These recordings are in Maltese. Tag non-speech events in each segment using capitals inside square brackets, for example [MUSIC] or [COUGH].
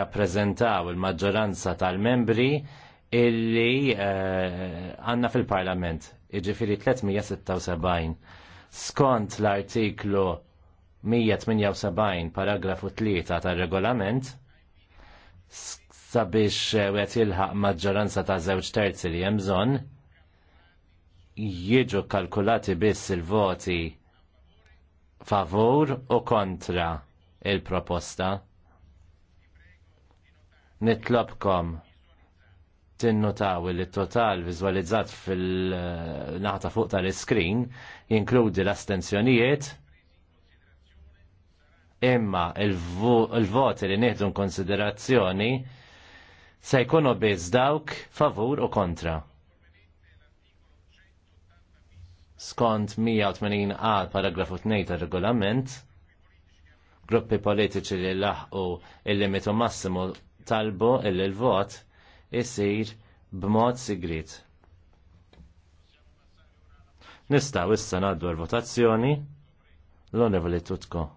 rappresentaw il-maġġoranza tal-membri illi eh, għanna fil-parlament, iġifiri 376. Skont l-artiklu 178 paragrafu 3 tal-regolament, sabiex għet eh, jilħaq maġġoranza ta' żewġ terzi li jemżon, jiġu kalkulati biss il-voti favur u kontra il-proposta. Nitlobkom tinnotaw li total vizualizzat fil-naħta eh, fuq tal-screen jinkludi l-astenzjonijiet imma il-voti li nieħdu konsiderazzjoni se jkunu biss dawk favur u kontra. Skont 180 għal paragrafu 2 tal-regolament, gruppi politiċi li laħqu il-limitu massimu talbu illi l-vot isir b'mod sigrit. Nistaw issa naddu l-votazzjoni l onevoli Tutko.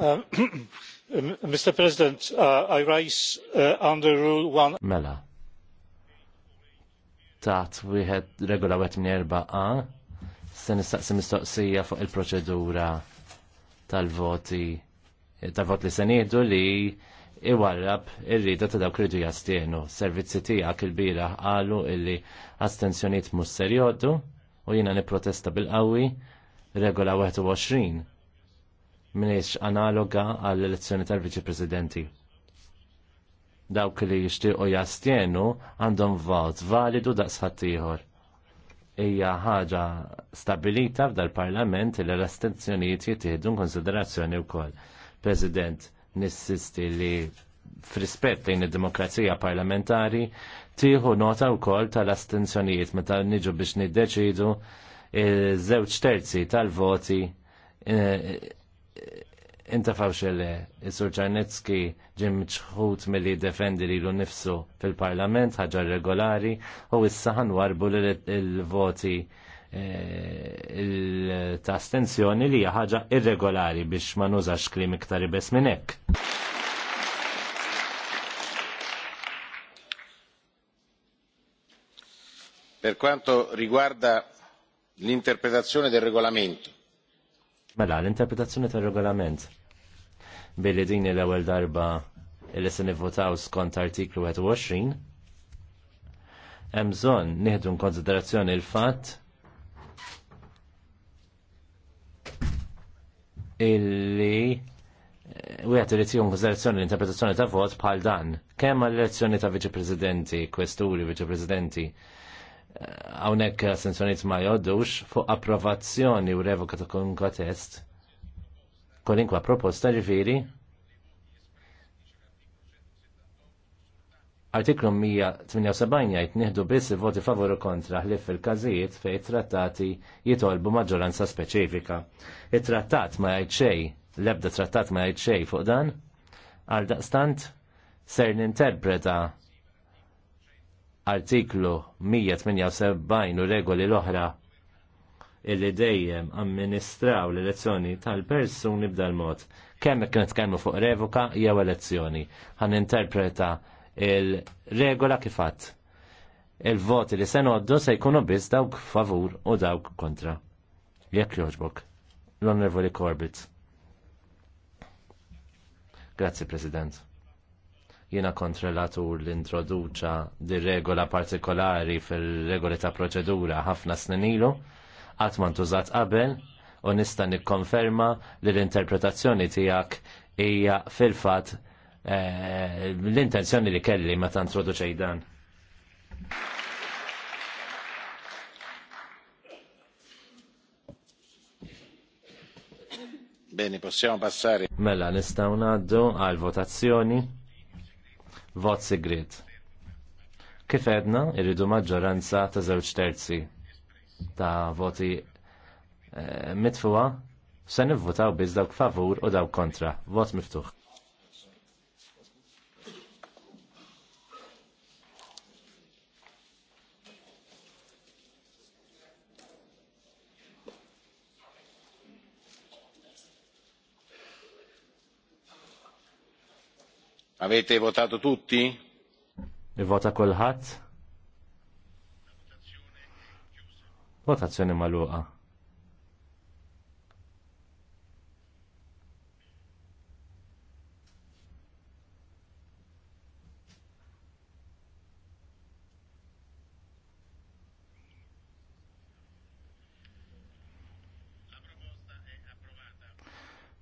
Uh, [CLEARS THROAT] Mr. President, uh, I rise uh, under Rule 1. Mela, tat wieħed regola wieħed minn erba' A se nistaqsi mistoqsija fuq il-proċedura tal-voti tal-vot li se ngħidu li iwarrab irrida ta' dawk ridu jastienu. Servizzi tiegħek il-bira qalu illi astenzjonijiet mhux ser jgħoddu u jiena nipprotesta bil-qawwi regola 21 minix analoga għall-elezzjoni tal-Viċi Presidenti dawk li jixtiequ jastjenu għandhom vot validu daqsħat ieħor. Hija ħaġa stabilita f'dal-Parlament li l-astenzjonijiet jittieħdu konsiderazzjoni wkoll. President, nissisti li frispet lejn id-demokrazija parlamentari tieħu nota wkoll tal-astenzjonijiet meta niġu biex niddeċidu żewġ terzi tal-voti eh, Inta fawxele, il-Sur Czarnecki ġim ċħut mill-li defendi li l-nifsu fil-parlament, ħagġar regolari, u issa ħanwarbu l-voti eh, ta' stenzjoni li hija ħaġa irregolari biex ma nużax klim iktar ibes minn hekk. Per quanto riguarda l'interpretazione del regolamento. Mela, l-interpretazzjoni tal regolament billi din l-ewwel darba li se nivvotaw skont artiklu 21 hemm bżonn nieħdu konsiderazzjoni l-fatt illi u eh, irid irrit jom konsiderazzjoni l-interpretazzjoni ta' vot bħal dan. Kemm għall-elezzjoni ta' viċi-prezidenti, kwesturi, viċi-prezidenti, eh, hawnhekk sanzjoniet ma jgħoddux fuq approvazzjoni u revoka ta' konkatest Kolinkwa proposta ġifiri Artiklu 178 jgħid nieħdu biss il-voti favoru kontra ħlif fil-każijiet fej trattati jitolbu maġġoranza speċifika. It-trattat ma jgħid xejn, l-ebda trattat ma jgħid xejn fuq dan, għal daqstant ser ninterpreta artiklu 178 u regoli l-oħra illi dejjem amministraw l-elezzjoni tal-persuni b'dal mod. Kemm kien nitkellmu fuq revoka jew elezzjoni. Ħan interpreta il-regola kifat. Il-voti li se noddu se jkunu biss dawk favur u dawk kontra. Jekk joġbok. L-Onorevoli Corbett. Grazzi, President. Jiena kontrellatur li introduċa di regola partikolari fil-regoli ta' proċedura ħafna snin ilu qatt ma ntużat qabel u nista' nikkonferma li l-interpretazzjoni tiegħek hija fil-fatt eh, l-intenzjoni li kelli meta introduċej dan. Bene, possiamo passare. Mela, nistgħu ngħaddu għal votazzjoni. Vot segret. Kif edna, irridu maġġoranza ta' żewġ terzi ta' voti e, mitfuwa se nivvotaw biz dawk favur u dawk kontra. Vot miftuħ. Avete votato tutti? Vota kolħat? Votazzjoni maluqa.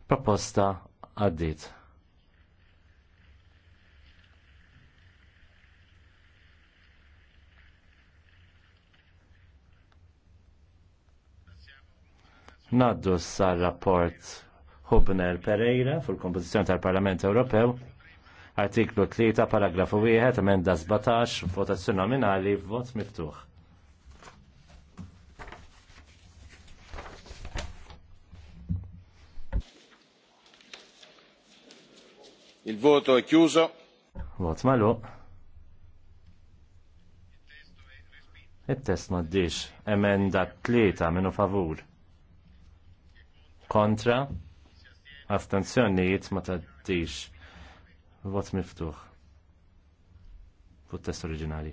Proposta għaddit. Naddu sal-rapport Hubner Pereira fil-Kompożizzjoni tal-Parlament Ewropew, artiklu 3, paragrafu 1, emenda 17, votazzjoni nominali, vot miftuħ. Il voto è chiuso. Vot malu. Il test maddix. Emenda tlieta minu favur kontra, astenzjonijiet ma tadix. Vot miftuħ. Fuq test oriġinali.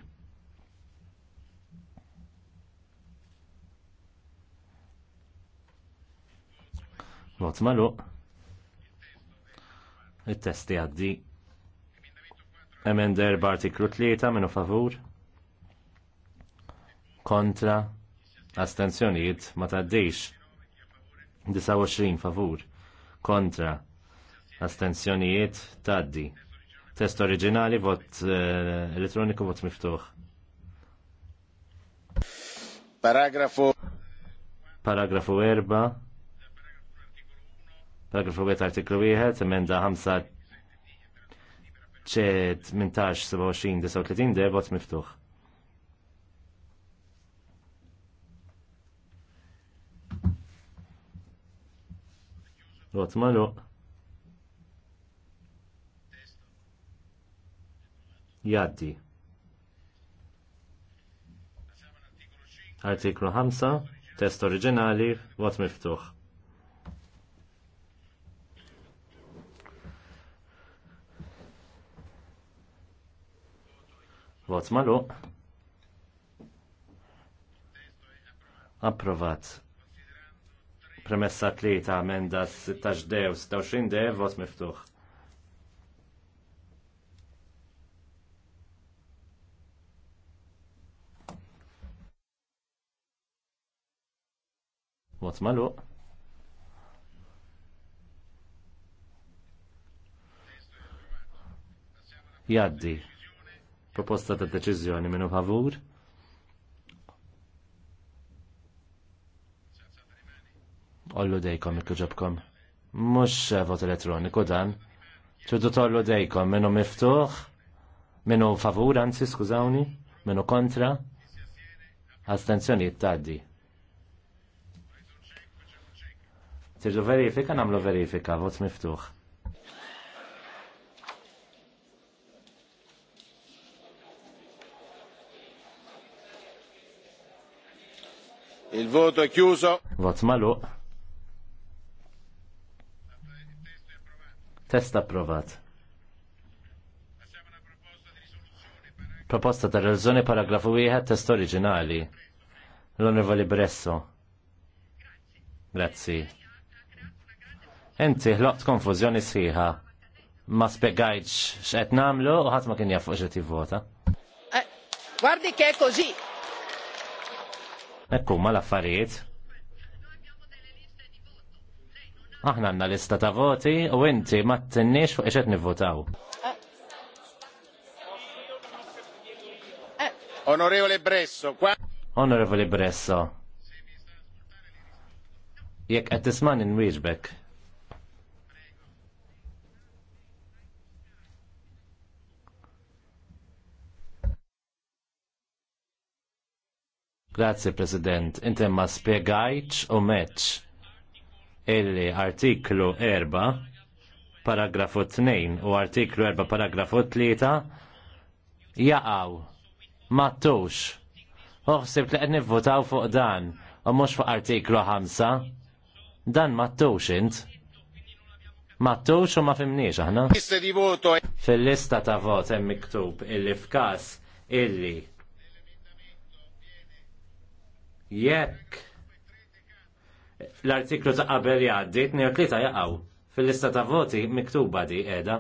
Vot malu Il-testi għaddi. Emenda erba artiklu tlieta minu favur. Kontra. Astenzjonijiet ma taddix. 29 favur kontra astenzjonijiet taddi. Test oriġinali vot eh, elettroniku vot miftuħ. Paragrafu Paragrafu 4 Paragrafu 1 artiklu 1 emenda 5 ċed 18 27 39 de vot miftuħ. Vot malu. Jaddi. Artiklu 5, test oriġinali, vot miftuħ. Vot malu. Approvat. Premessa tlieta amenda 16 dew, 26 dew, vot miftuħ. Vot malu. Jaddi. Proposta ta' deċizjoni minu favur. Ollu dejkom il-kġobkom. Mux vot elettroniku dan. Ċuddu tollu dejkom minnu miftuħ, minnu favur, anzi, skużawni, minnu kontra. Astenzjoni jittaddi. Tirdu verifika, namlu verifika, vot miftuħ. Il-voto è chiuso. Vot maluq. Test approvat. Proposta ta' rezoni paragrafu wieħed test oriġinali. L-Onorevoli Bresso. Grazzi. Enti ħloqt konfużjoni sħiħa. Ma spiegajtx x'qed nagħmlu u ħadd ma kien jaf fuq x'qed jivvota. Eh, guardi che è così. Ekku ma l-affarijiet. Aħna għanna lista ta' voti u inti ma t-tinnix fuq iċet nivvotaw. Onorevole Bresso, qua... Onorevole Bresso, jekk qed tisman inwieġbek. Grazie President, inti ma spiegajċ u meċ l artiklu 4 paragrafu 2 u artiklu 4 paragrafu 3 jaqaw mattux uħsib li għedni votaw fuq dan u mux fuq artiklu 5 dan mattux int mattux u ma fimniġ aħna fil-lista ta' vot hemm miktub illi f'kas illi jekk l-artiklu ta' qabel jgħaddi, 2 jgħaw. Fil-lista ta' voti miktuba di edha.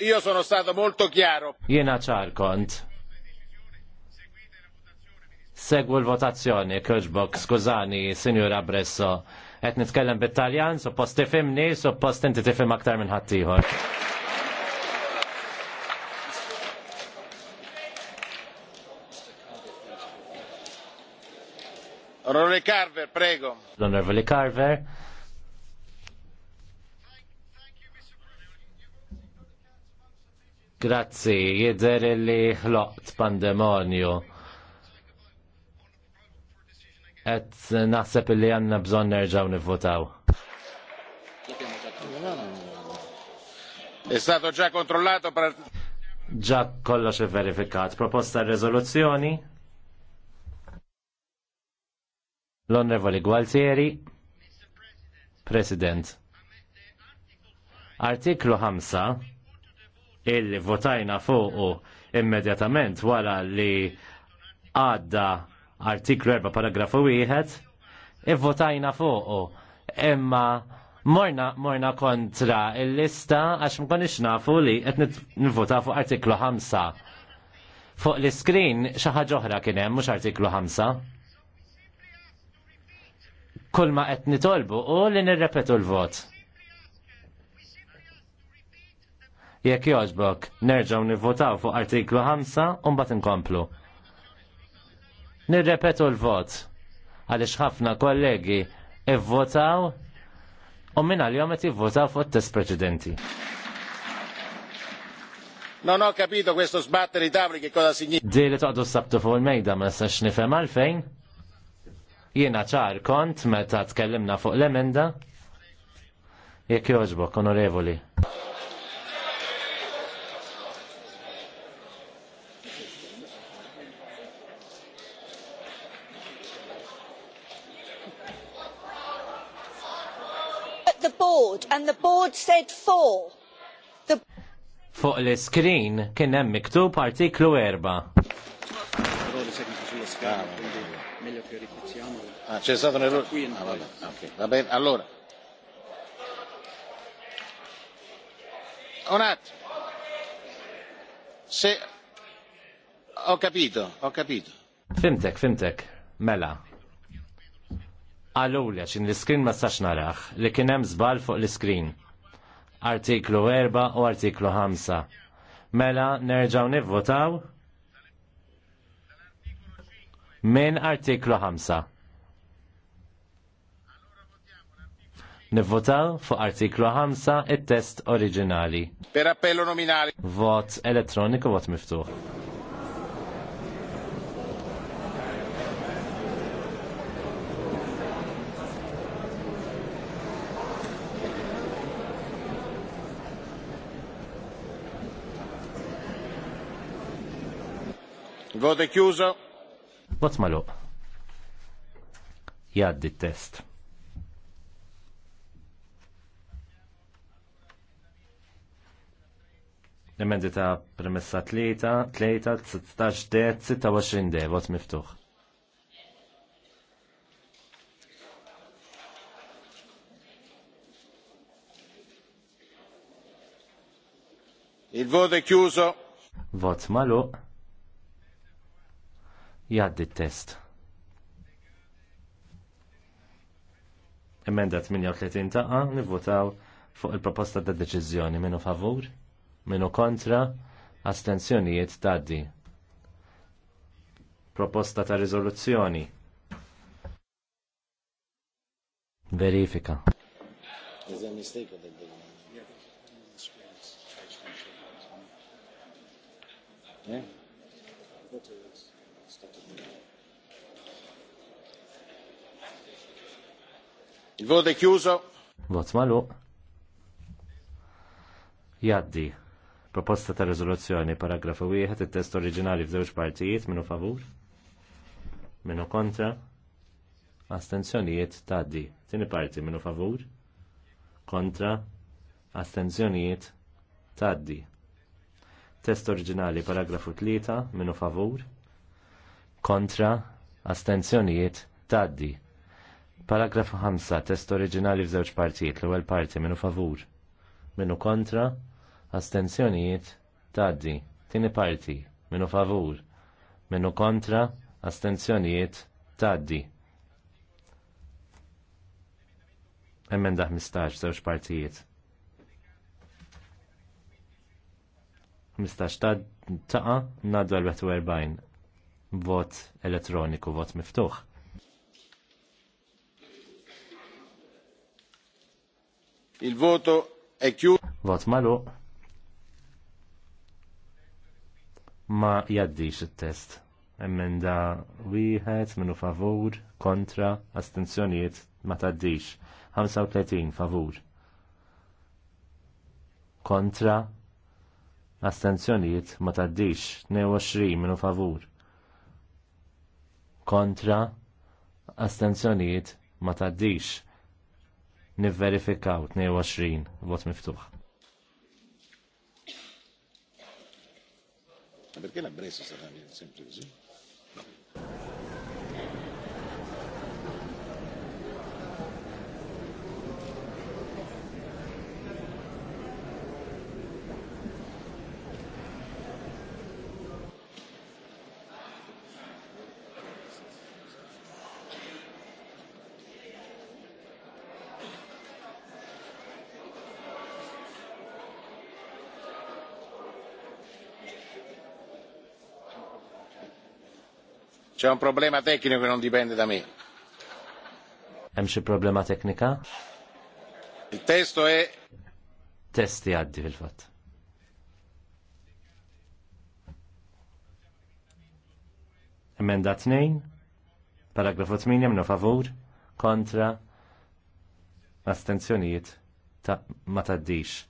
Io, sono stato molto chiaro. Jena ċar kont. Segwu l-votazzjoni, Kirchbok, skużani, Signora Bresso. Et nitkellem bit-Taljan, suppost tifimni, suppost inti tifim aktar minn ħaddieħor. Onorevole Carver, prego. L'onorevole Carver. Grazie, jidher li ħloqt pandemonju. Et naħseb li għanna bżon nerġaw nivvotaw. È stato già controllato per... Già kollox verifikat. Proposta risoluzzjoni? L-Onorevoli Gualtieri, President. Artiklu 5 illi votajna fuqu immedjatament wara li għadda artiklu 4 paragrafu 1 ivvotajna fuqu imma morna, morna kontra il-lista għax mkonix nafu li qed nivvota fuq artiklu 5 fuq l-iskrin xi ħaġa oħra kien hemm mhux artiklu 5 kull ma qed nitolbu u li nirrepetu l-vot. Jekk jogħġbok, nerġgħu nivvotaw fuq artiklu 5 u mbagħad inkomplu. Nirrepetu l-vot għaliex ħafna kollegi ivvotaw u minn għal-jom qed jivvotaw fuq test preċedenti. Non ho capito questo sbattere i tavoli che cosa significa. Dili toqdu s-sabtu fuq il-mejda ma nistax nifhem għalfejn. Jiena ċar kont meta tkellimna fuq l-emenda. Jekk jogħġbok, onorevoli. and the board said four. The... Fuq l-iskrin kien hemm miktub artiklu erba meglio che ripetiamo. Ah, c'è stato un errore? Qui ah, vabbè, okay. Va bene, allora. Un attimo. Se... Ho capito, ho capito. Fimtek, fimtek, mela. Għallulja xin l-screen ma stax narax li kien hemm żball fuq l-screen. Artiklu 4 u artiklu 5. Mela nerġaw nivvotaw? minn artiklu 5. Nivvotaw fuq artiklu 5 it-test oriġinali. Per appello nominali. Vot elettroniku, vot miftuħ. Voto chiuso. Vot malu? Jaddi test. Emendi ta' premessa tlita, 3, 16, d, 26 de, vot miftuħ. Il voto è chiuso. Vot maluq. Jaddi t-test. Emenda 38 taqa, nivvotaw fuq il-proposta ta' deċiżjoni minu favur, minu kontra, astenzjonijiet taddi. Proposta ta' riżoluzzjoni. Verifika. Yeah. Il-vot è chiuso. Vot malu. Jaddi. Proposta ta' rezoluzzjoni, paragrafu wieħed, it-test oriġinali f'żewġ partijiet, minnu favur, minnu kontra, astenzjonijiet taddi. Tini parti, minnu favur, kontra, astenzjonijiet di. Test oriġinali, paragrafu 3, minnu favur, kontra, astenzjonijiet taddi Paragrafu 5, test oriġinali f'żewġ partijiet, l-ewwel parti minnu favur, minnu kontra, astenzjonijiet, taddi. Tieni parti, minnu favur, minnu kontra, astenzjonijiet, taddi. Emenda 15, żewġ partijiet. 15 ta' taqa, nadu 44. Vot elettroniku, vot miftuħ. Il-voto è chiuso. Vot malu. Ma jaddix il-test. Emenda wieħed minu favur, kontra, astenzjonijiet ma taddix. 35 favur. Kontra, astenzjonijiet ma taddix. 22 minu favur. Kontra, astenzjonijiet ma taddix nivverifikaw 22 vot miftuħ. Perché la Bresa sarà sempre così? C'è un problema tecnico che non dipende da me. Hemm xi problema teknika? Il-testo è Testi għaddi fil-fatt. Emenda 2, paragrafu 8 minnu favur, kontra, astenzjonijiet, ta' ma taddix.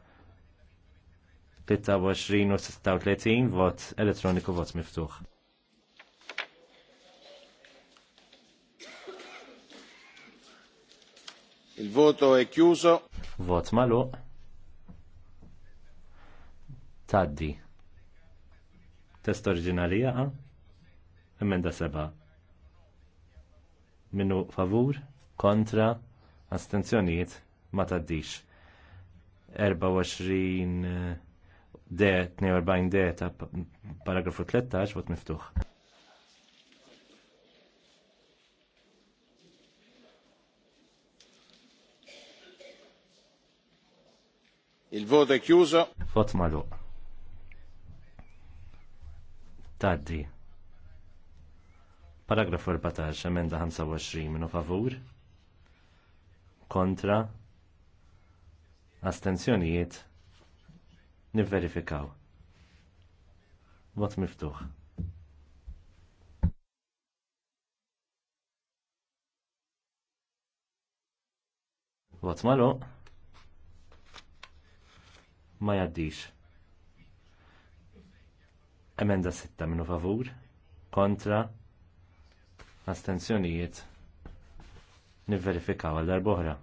23 u 36 vot elettroniku vot miftuħ. Il-voto è chiuso. Vot malu. Taddi. Test oriġinali jaqa. Emenda seba. Minu favur, kontra, astenzjoniet, ma taddix. 24 eh, de, 42 de, ta' paragrafu 13, vot miftuħ. Il-vot è chiuso. Vot malu. Taddi. Paragrafo 14, emenda 25, minu favur. Kontra. Astenzjonijiet. Nivverifikaw. Vot miftuħ. Vot malu ma jaddix. Emenda 6 minu favur, kontra, astenzjonijiet, nivverifikaw għal darboħra.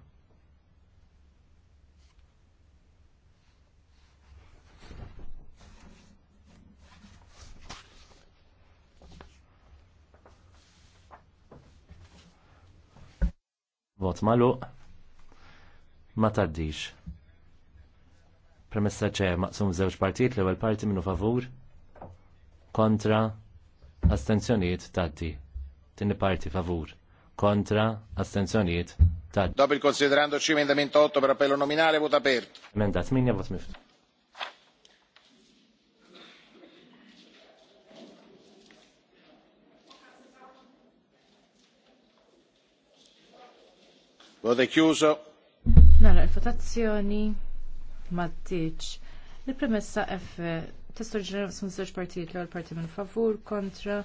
Vot malu, ma taddix. Premessa ċe maqsum żewġ partijiet l-ewwel parti minnu favur kontra astenzjonijiet tatti. Tinni parti favur kontra astenzjonijiet taddi. Dopo il considerando C emendamento 8 per appello nominale vota aperto. Emendat minja vot miftu. Voto chiuso. Nara il votazioni maddiċ. Il-premessa F testo ġenerali sun żewġ partijiet l-ewwel parti minn favur kontra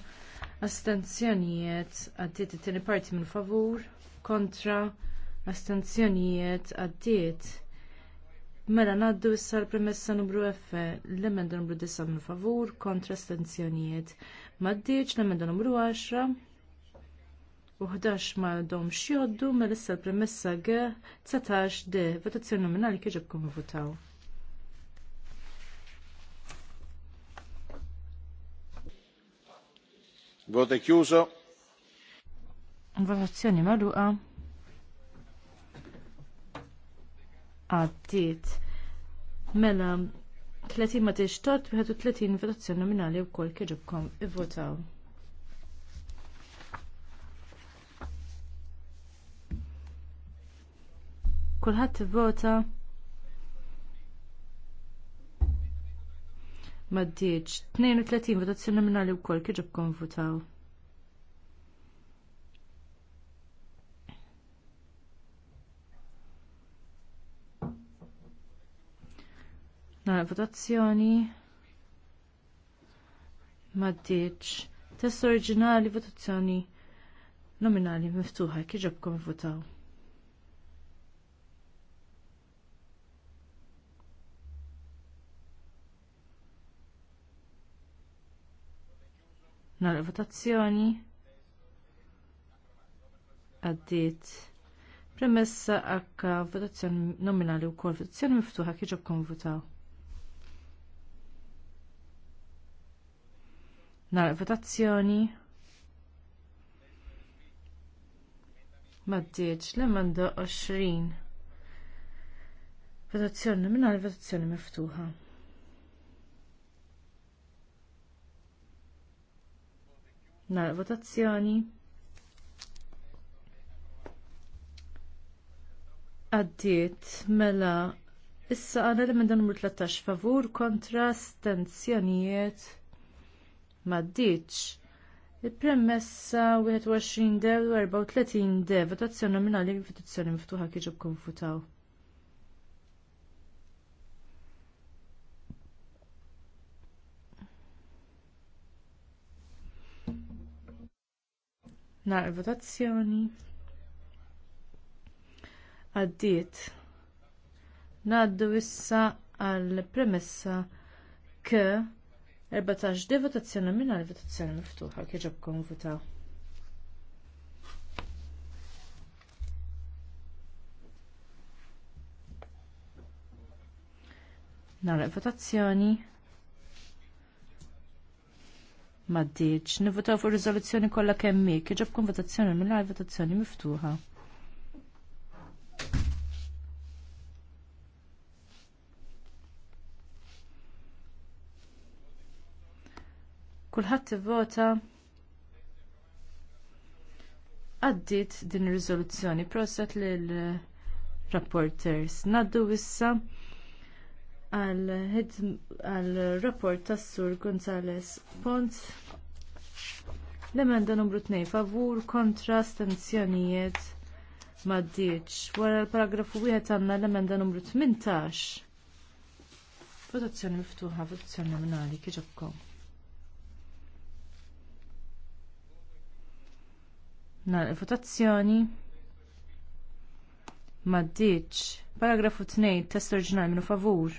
astenzjonijiet għaddiet it-tieni parti minn favur kontra astenzjonijiet għaddiet. Mela ngħaddu issa l-premessa numru F l-emenda numru 9 minn favur kontra astenzjonijiet. Maddiċ l-emenda numru 10 u 11 ma dom xjoddu ma lissa l-premessa G 19 D votazzjoni nominali kieġibkom votaw. Voto chiuso. Votazzjoni magħluqa. Għaddiet. Mela 30 ma tiex tot 31 votazzjoni nominali u wkoll kieġibkom ivvotaw. Kulħadd ivvota. Maddiċ, 32 votazzjoni nominali wkoll kif ġob konvutaw. Nara votazzjoni. Maddiċ. Test oriġinali votazzjoni nominali miftuħa kieġobkom votaw. Nar votazzjoni għaddit premessa akka votazzjoni nominali u kol votazzjoni miftuħa kieġob votaw Nar votazzjoni Maddiċ, l-emenda 20. Votazzjoni nominali, votazzjoni miftuħa. Nar votazzjoni. Għaddiet mela issa għana li minn numru 13 favur kontra stenzjonijiet maddiċ. Il-premessa 21 del u 34 de votazzjoni nominali votazzjoni miftuħa kieġu konfutaw. Nar votazzjoni. Għaddiet. Naddu issa għall premessa k 14 de votazzjoni minn għal votazzjoni miftuħa kieġab konvuta. Nar votazzjoni maddiċ. Nivvotaw fuq riżoluzzjoni kollha kemm hi, kun votazzjoni mingħajr votazzjoni miftuħa. Kulħadd vota għaddit din ir-riżoluzzjoni proset lil rapporters. Naddu issa għal rapport tas Sur Gonzales Pons. L-emenda numru 2 favur kontra stenzjonijiet maddiċ. Wara l-paragrafu wieħed għandna l-emenda numru 18. Votazzjoni miftuħa, votazzjoni nominali, kieġobkom. Nal votazzjoni maddiċ. Paragrafu 2, test oriġinali minu favur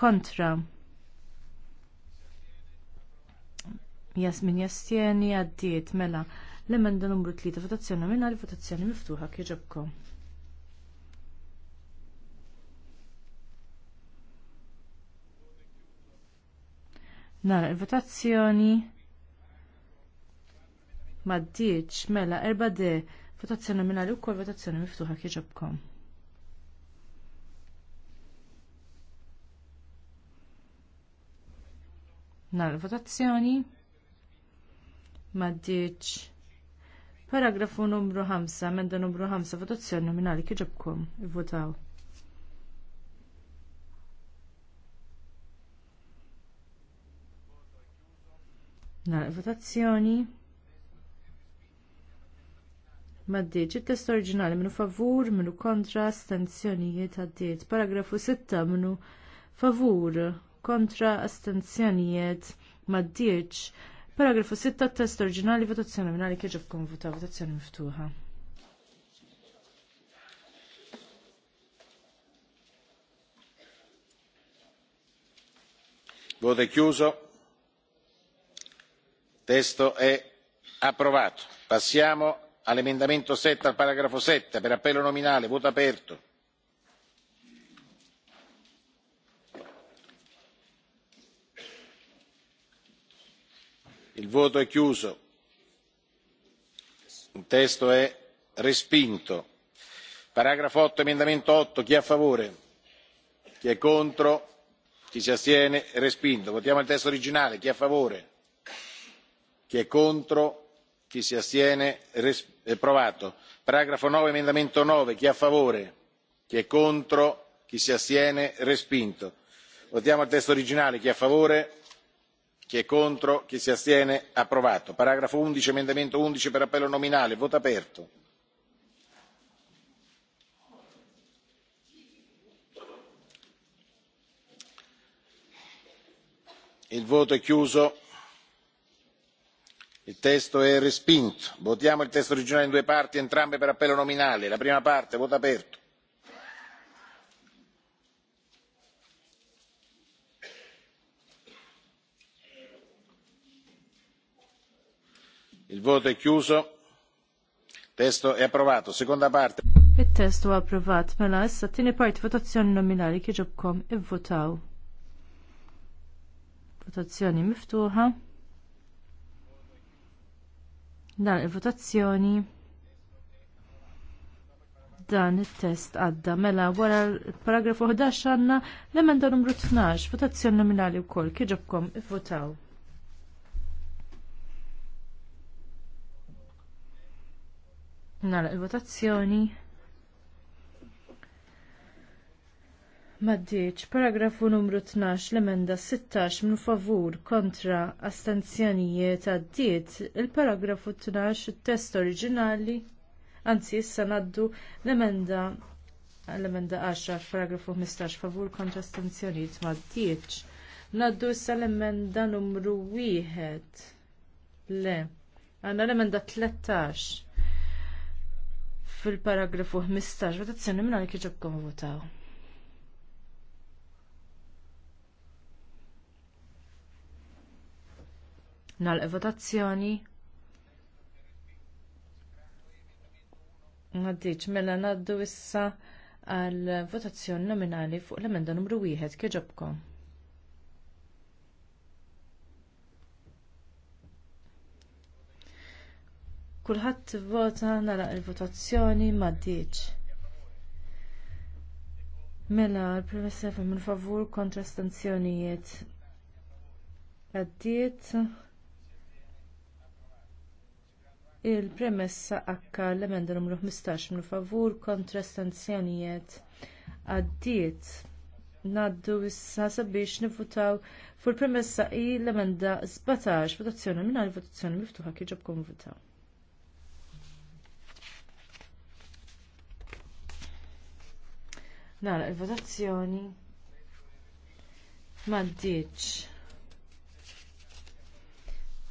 kontra jasmin jastieni għaddiet mela l-emenda numru 3 votazzjoni minna li votazzjoni miftuħa kieġabko Nara il-votazzjoni maddiċ mela erba' d votazzjoni minna li u kol votazzjoni miftuħa kieġobkom. Nar votazzjoni. Maddiċ. Paragrafu numru 5, emenda numru 5, votazzjoni nominali kieġobkom. Votaw. Nar votazzjoni. Maddiċ, il-test oriġinali minnu favur, minnu kontra, stanzjonijiet għaddiet. Paragrafu 6 minnu favur, kontra astenzjonijiet d-dirċ. Paragrafu 6 test oriġinali votazzjoni nominali kieġob kun vota votazzjoni miftuħa. Voto è chiuso. Testo è approvato. Passiamo all'emendamento 7 al paragrafo 7 per appello nominale. Voto aperto. il voto è chiuso il testo è respinto paragrafo otto emendamento otto chi è a favore chi è contro chi si astiene è respinto votiamo il testo originale chi è a favore chi è contro chi si astiene è approvato paragrafo nove emendamento nove chi è a favore chi è contro chi si astiene respinto votiamo il testo originale chi è a favore chi è contro chi si astiene approvato paragrafo undici emendamento undici per appello nominale voto aperto il voto è chiuso il testo è respinto votiamo il testo originale in due parti entrambe per appello nominale la prima parte voto aperto il voto è chiuso testo è approvato seconda parte il-test huwa approvat mela issa t-tieni parti votazzjoni nominali kieġobkom ivvotaw votazzjoni miftuħa dan il-votazzjoni dan il-test għadda mela wara l paragrafu 11 għanna l-emenda numru 12 votazzjoni nominali wkoll kieġobkom ivvotaw Nara il-votazzjoni. Maddiċ, paragrafu numru 12, l-emenda 16, minn favur kontra astanzjonijiet għaddiet, il-paragrafu 12, il-test oriġinali, anzi issa naddu l-emenda l-emenda 10, paragrafu 15, favur kontra astanzjonijiet maddiċ. Naddu issa l-emenda numru 1, le, għanna l-emenda 13, fil-paragrafu 15, votazzjoni minna li kħiġobkom votaw. Nal votazzjoni. Għaddiċ, mela naddu issa għal votazzjoni nominali fuq l-emenda numru 1 kħiġobkom. Kulħadd vota nara il-votazzjoni m'għaddiex. Mela l-premessa minn favur kontra stanzjonijiet. Għaddiet il-premessa akka l-emenda numru 15 minn favur kontra stanzjonijiet għaddiet ngħaddu issa sabiex nivvutaw fuq il premessa i l-emenda 17 votazzjoni mingħajr votazzjoni miftuħa kieġobkom votaw. Nara il-votazzjoni. Maddiċ.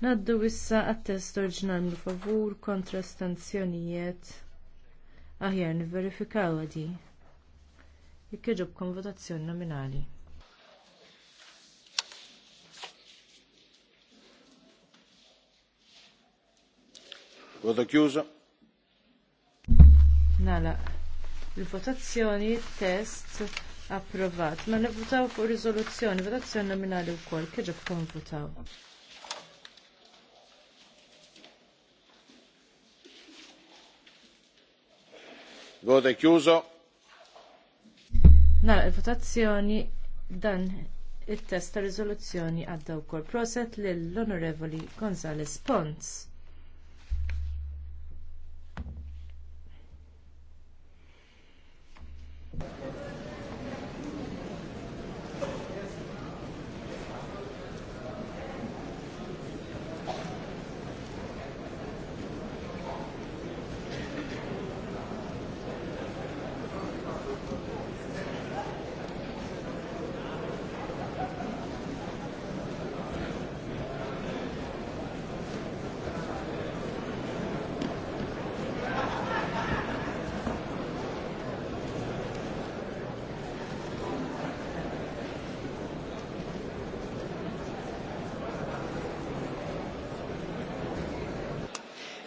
Naddu issa għat-test oriġinali favur kontra stanzjonijiet. Aħjar niverifikaw għadi. Jekk votazzjoni nominali. Vota chiusa. Nala il-votazzjoni test approvat. Ma nivvutaw fuq riżoluzzjoni, votazzjoni nominali wkoll, kieġeb kom votaw. Voto è chiuso. Nara il-votazzjoni dan it-test ta' riżoluzzjoni għadda wkoll proset lill-Onorevoli Gonzales Pons.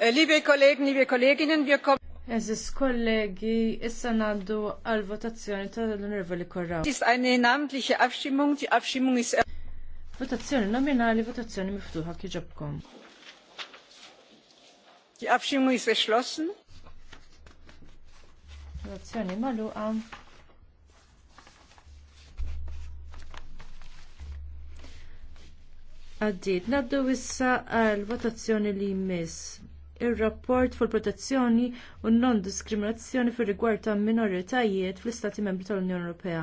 Eh, liebe Kollegen, liebe Kolleginnen, wir kommen. Eżis kollegi, issa naddu għal votazzjoni tal-Onorevoli Korraw. Ist eine namentliche Abstimmung, die Abstimmung ist er- Votazzjoni nominali, votazzjoni miftuħa kieġobkom. Die Abstimmung ist geschlossen. Votazzjoni maluqa. Għaddit, naddu issa għal votazzjoni li jmiss ir-rapport fuq protezzjoni u non-diskriminazzjoni fir rigward ta' minoritajiet fl-Istati Membri tal-Unjoni Ewropea.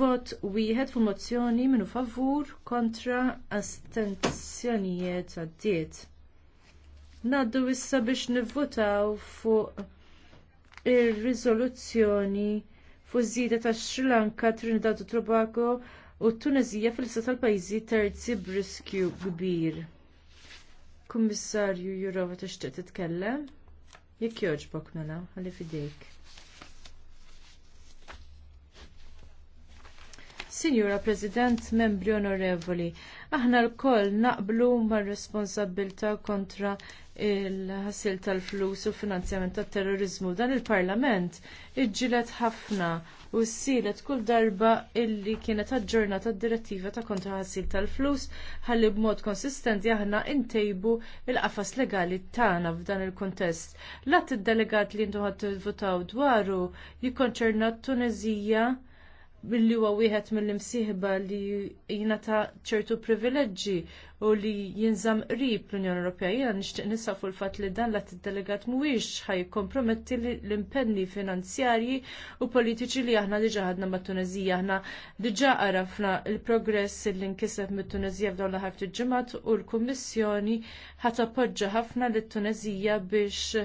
Vot wieħed fuq mozzjoni minnu favur kontra astenzjonijiet għaddiet. Naddu issa biex nivvotaw fuq ir-riżoluzzjoni fuq żieda tax Sri Lanka, Trinidad u Tobago u t Tunezija fil istat tal-pajjiżi terzi briskju kbir. Kummissarju Jurova tixtieq titkellem? Jekk jogħġbok mela, ħalli fidejk. Sinjura President, membri onorevoli, aħna lkoll naqblu mar responsabilta kontra il-ħassil tal-flus u finanzjament tat terrorizmu dan il-parlament iġġilet ħafna u ssilet kull darba illi kienet aġġornata d-direttiva ta' kontra ħassil tal-flus ħalli b'mod konsistenti aħna ntejbu l qafas legali tagħna f'dan il-kontest. L-att id-delegat li jintu ħadd votaw dwaru jikkonċerna t-Tunezija billi huwa wieħed mill-imsieħba li jiena ta' ċertu privileġġi u li jinżam qrib l-Unjoni Ewropea. Jiena nixtieq nisa fuq il-fatt li dan lat id-delegat mhuwiex ħajkomprometti l-impenni finanzjarji u politiċi li aħna diġà ħadna mat Tunezija. Aħna diġà għarafna l-progress li nkiseb mit tunezija f'dawn l aħħar ġimgħat u l-Kummissjoni ħat appoġġa ħafna lit tunezija biex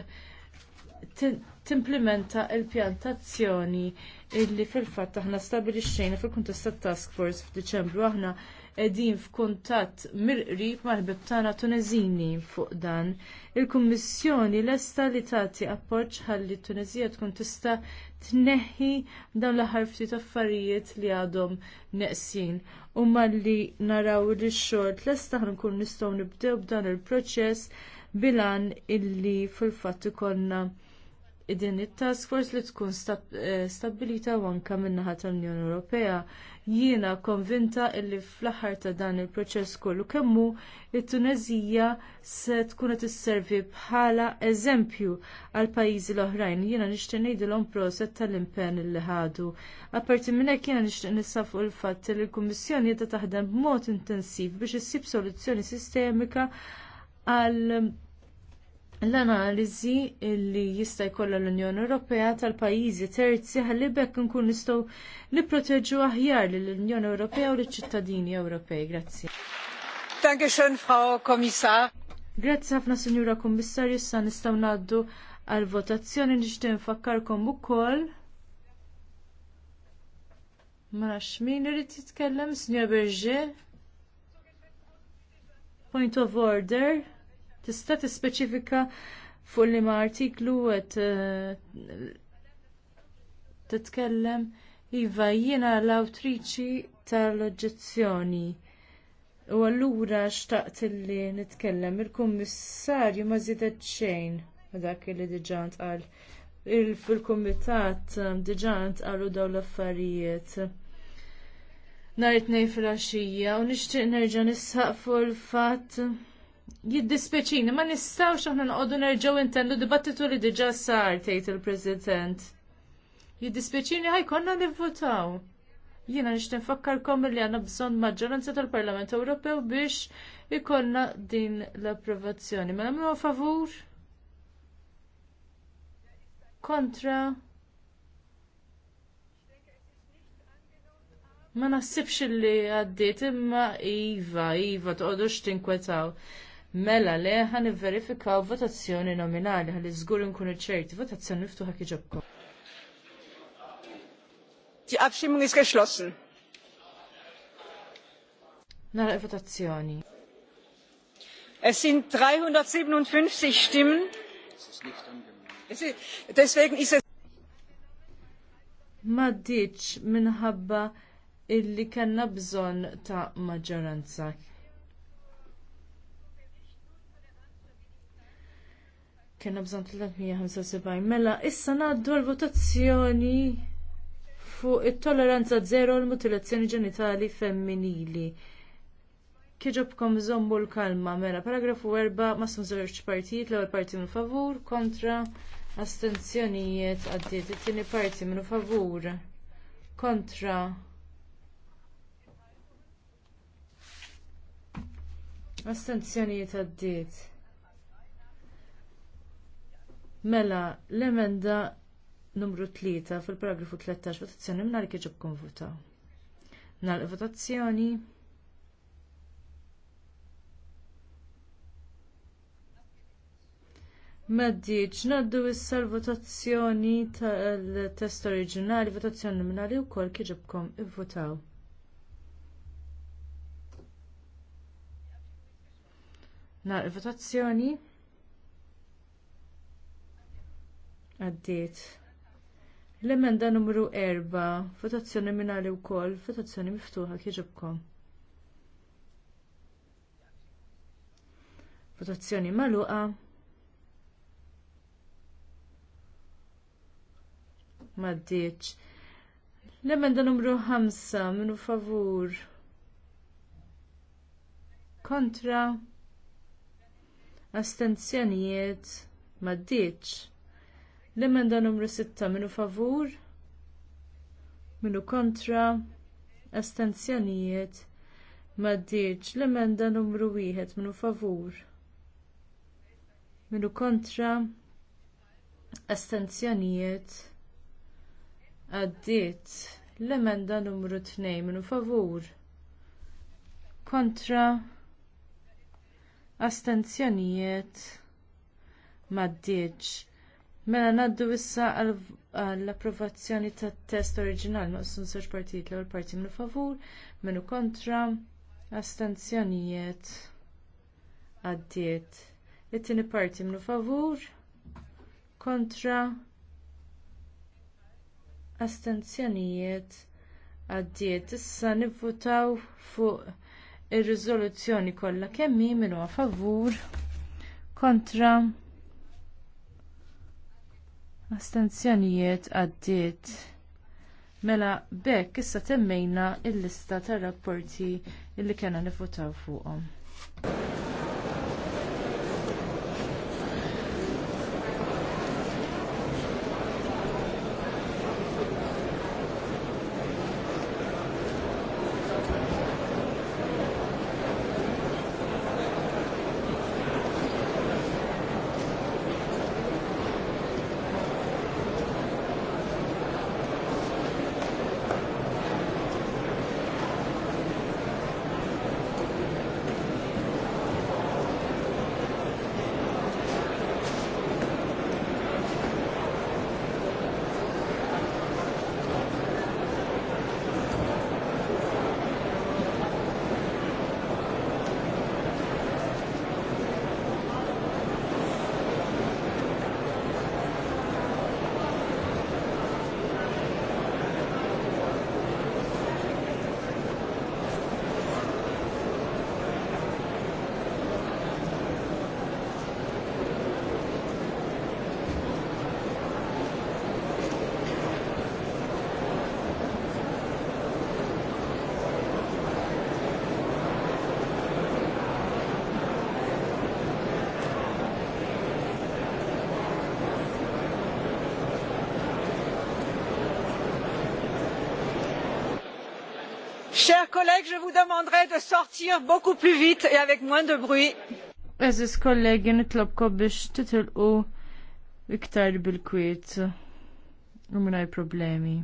timplementa l-pjantazzjoni illi fil-fatt aħna stabilixxejna fil-kuntest tat-task force f'Diċembru aħna qegħdin f'kuntatt mill-qrib mal-ħbib tagħna Tuneżini fuq dan. Il-Kummissjoni lesta li tagħti appoġġ ħalli Tunezija tkun tista' tneħħi dawn l-aħħar ftit affarijiet li għadhom neqsin. U malli naraw li x-xogħol lesta aħna nkun nistgħu nibdew b'dan il-proċess bilan illi fil-fatt ikollna din it-task force li tkun stabbilita eh, anke min-naħa tal-Unjoni Ewropea. Jiena konvinta li fl-aħħar ta' dan il-proċess kollu kemm hu it-Tunezija se tkun qed isservi bħala eżempju għal pajjiżi l-oħrajn. Jiena nixtieq ngħidilhom proset tal-impenn li ħadu. Apparti minn hekk jiena nixtieq nissaf fuq il-fatt li l-Kummissjoni qiegħda taħdem b'mod intensiv biex issib soluzzjoni sistemika għal l-analiżi li jista' jkollha l-Unjoni Ewropea tal-pajjiżi terzi ħallibek bekk nkun nistgħu nipproteġu aħjar lill-Unjoni Ewropea u liċ-ċittadini Ewropej. Grazzi. Dankeschön, Frau Kommissar. Grazzi ħafna Sinjura Kommissarju, issa nistgħu ngħaddu għal votazzjoni nixtieq nfakkarkom ukoll. Ma mela, nafx min irid jitkellem, Sinjura Berger. Point of order tista' tispeċifika fuq li ma artiklu qed eh, titkellem iva jiena l-awtriċi tal-oġġezzjoni. U allura xtaqt li nitkellem il-kummissarju ma żidet xejn dak li diġà għal Il-kumitat eh, diġà ntqalu dawn l-affarijiet. Narit it fil u nixtieq nerġa' nisħaq fuq il-fatt jiddispeċini, ma nistawx aħna nqogħdu nerġgħu intendu dibattitu li diġà sar tgħid il-President. Jiddispeċini ħajkonna nivvotaw. Jiena nixtieq kom li għandna bżonn maġġoranza tal-Parlament Ewropew biex ikollna din l-approvazzjoni. Ma mela, namlu favur? Kontra? Ma nasibx li għaddiet imma Iva, Iva, toqgħodux tinkwetaw. Mela le ħan verifikaw votazzjoni nominali ħalli żgur nkunu ċerti votazzjoni miftuħa kieġobkom. Die Abstimmung ist geschlossen. Nara votazzjoni. Es sind 357 Stimmen. Es ist, deswegen ist es Ma minħabba illi kanna bżon ta' maġġoranza. Kena bżon 375. Mela, issa naddu l-votazzjoni fuq it-toleranza zero l-mutilazzjoni ġenitali femminili. Kieġobkom zommu l-kalma, mela, paragrafu 4, massum zewġ partijiet, l-ewel parti minn favur, kontra, astenzjonijiet, għaddiet, it-tieni parti minn favur, kontra, astenzjonijiet għaddiet. Mela, l-emenda numru 3 fil-paragrafu 13 votazzjoni minna li kieġib konvuta. Nal votazzjoni Maddiċ, naddu issa l-votazzjoni tal-test oriġinali, votazzjoni nominali wkoll kol kieġibkom ivvotaw. Nar votazzjoni Għaddiet. L-emenda numru 4, votazzjoni minali wkoll, votazzjoni miftuħa kieġibkom. Votazzjoni magħluqa. Maddiċ. L-emenda numru 5, minu favur. Kontra. Astenzjonijiet. Maddiċ. L-emenda numru 6 minu favur, minu kontra, astenzjonijiet, maddiċ. L-emenda numru 1 minu favur, minu kontra, astenzjonijiet, għaddiet. L-emenda numru 2 minu favur, kontra, astenzjonijiet maddiċ Mela naddu issa għall-approvazzjoni tat test oriġinali naqsun soċ partijiet l-ewwel parti minnu favur, minnu kontra, astenzjonijiet għaddiet. It-tieni parti minnu favur, kontra, astenzjonijiet għaddiet. Issa nivvutaw fuq ir-riżoluzzjoni kollha kemm min huwa favur, kontra, Astenzjonijiet għaddiet. Mela bekk issa temmejna il-lista tar rapporti illi kena nifutaw fuqhom. Chers collègues, je vous demanderai de sortir beaucoup plus vite et avec moins de bruit. Eżis kollegi nitlobko biex titilqu iktar bil-kwiet u minnaj problemi.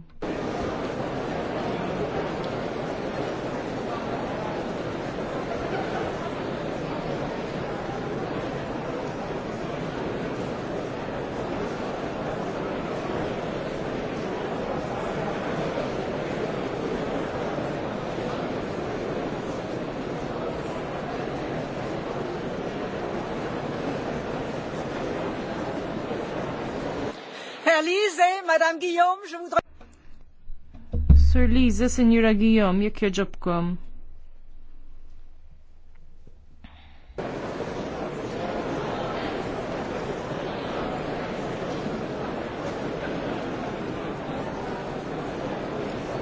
Liza Sinjura Gijom, jekk joġobkom.